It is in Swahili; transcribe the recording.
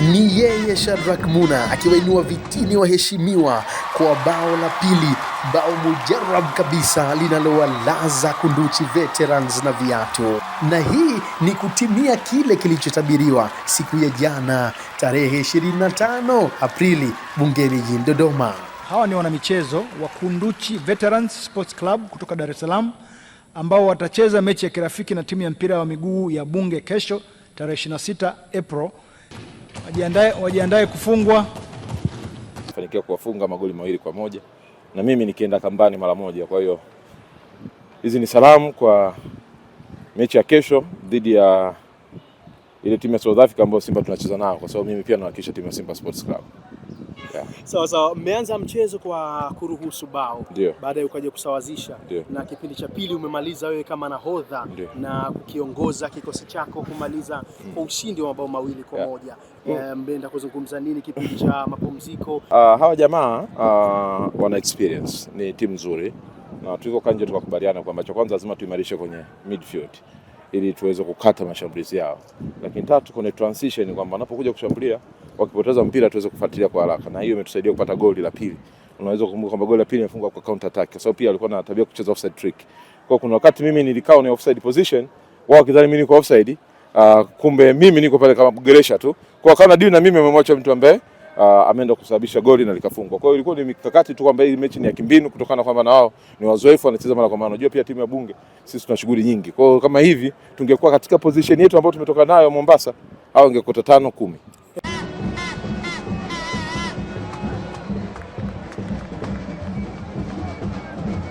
Ni yeye Shadrack Muna akiwainua vitini waheshimiwa kwa bao la pili, bao mujarab kabisa linalowalaza Kunduchi Veterans na viatu. Na hii ni kutimia kile kilichotabiriwa siku ya jana tarehe 25 Aprili bungeni jijini Dodoma. Hawa ni wanamichezo wa Kunduchi Veterans Sports Club kutoka Dar es Salaam ambao watacheza mechi ya kirafiki na timu ya mpira wa miguu ya Bunge kesho tarehe 26 Aprili wajiandae, wajiandae kufungwa. Fanikiwa kuwafunga magoli mawili kwa moja na mimi nikienda kambani mara moja. Kwa hiyo hizi ni salamu kwa mechi ya kesho dhidi ya ile timu ya South Africa ambayo Simba tunacheza nao, kwa sababu mimi pia nawakilisha timu ya Simba Sports Club. Sawa sawa, mmeanza mchezo kwa kuruhusu bao, baadaye ukaja kusawazisha Dio. na kipindi cha pili umemaliza wewe kama nahodha na kukiongoza kikosi chako kumaliza hmm. kwa ushindi wa mabao mawili kwa yeah. moja yeah. Hmm. Mmeenda kuzungumza nini kipindi cha mapumziko? Uh, hawa jamaa uh, wana experience, ni timu nzuri na tuko kanje, tukakubaliana kwamba cha kwanza lazima tuimarishe kwenye midfield ili tuweze kukata mashambulizi yao, lakini tatu kwenye transition kwamba wanapokuja kushambulia wakipoteza mpira tuweze kufuatilia kwa haraka, na hiyo imetusaidia kupata goli la pili. Unaweza kukumbuka kwamba goli la pili imefungwa kwa counter attack, kwa sababu pia alikuwa na tabia kucheza offside trick. Kwa kuna wakati mimi nilikaa na offside position, wao wakidhani mimi niko offside, uh, kumbe mimi niko pale kama geresha tu, kwa kana deal na mimi amemwacha mtu ambaye uh, ameenda kusababisha goli na likafungwa. Kwa hiyo ilikuwa ni mikakati tu kwamba hii mechi ni ya kimbinu kutokana kwamba na wao ni wazoefu wanacheza mara kwa mara. Unajua pia timu ya Bunge sisi tuna shughuli nyingi. Kwa hiyo kama hivi tungekuwa katika position yetu ambayo tumetoka nayo Mombasa au ingekuwa tano kumi.